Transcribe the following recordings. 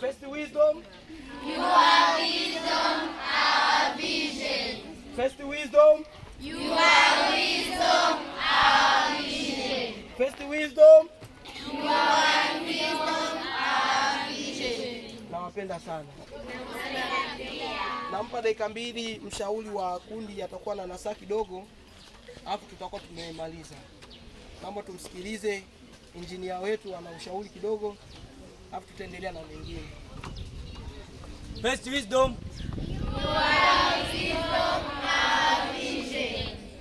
First wisdom. You are wisdom, our vision. First wisdom. You are wisdom, our vision. First wisdom. You are wisdom, our vision. Nawapenda sana. Nampa dakika mbili mshauri wa kundi atakuwa na nasaa kidogo, alafu tutakuwa tumemaliza. Naomba tumsikilize injinia wetu ana ushauri kidogo afu tutaendelea na mengine. Best wisdom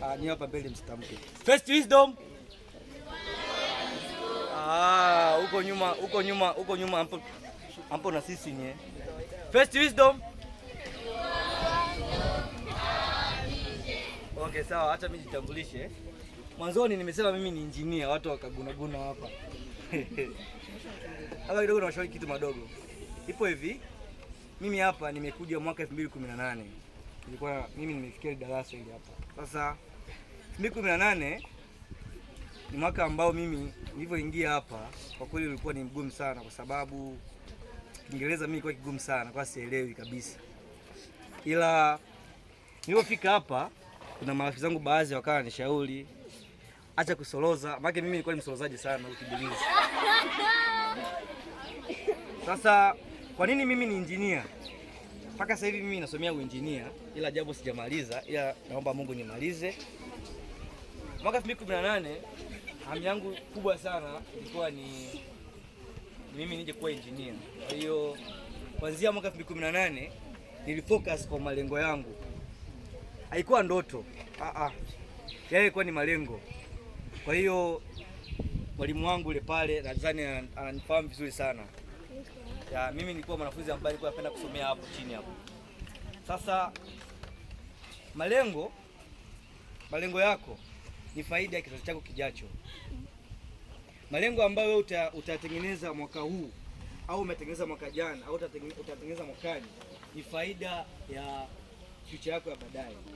ah, ni hapa mbele msitamke. First wisdom Ah, huko nyuma, huko nyuma, huko nyuma ampo, ampo na sisi nye. Eh. First wisdom. Okay, sawa, acha mimi jitambulishe. Eh mwanzoni nimesema mimi ni engineer, watu wakagunaguna hapa hapa kidogo. na washauri kitu madogo, ipo hivi. Mimi hapa nimekuja mwaka 2018 nilikuwa mimi nimefikia darasa hili hapa sasa. 2018 ni mwaka ambao mimi nilivyoingia hapa, kwa kweli ulikuwa ni mgumu sana, kwa sababu Kiingereza mimi kwa kigumu sana, kwa sielewi kabisa, ila nilipofika hapa kuna marafiki zangu baadhi wakawa nishauri acha kusoloza, maana mimi nilikuwa ni msolozaji sana ukibilizi. Sasa kwa nini mimi ni engineer? Mpaka sasa hivi mimi nasomea uinjinia ila jambo sijamaliza, ila naomba Mungu nimalize. Mwaka 2018 hamu yangu kubwa sana ilikuwa ni mimi nije kuwa engineer. Kwa hiyo kuanzia mwaka 2018 nilifocus kwa malengo yangu, haikuwa ndoto. Ah ah, yale yaani ilikuwa ni malengo. Kwa hiyo mwalimu wangu yule pale nadhani ananifahamu vizuri sana. Ya, mimi nilikuwa mwanafunzi ambaye nilikuwa napenda kusomea hapo chini hapo. Sasa malengo malengo yako ni faida ya kizazi chako kijacho. Malengo ambayo wewe uta, utatengeneza mwaka huu au umetengeneza mwaka jana au utatengeneza mwakani ni faida ya future yako ya baadaye.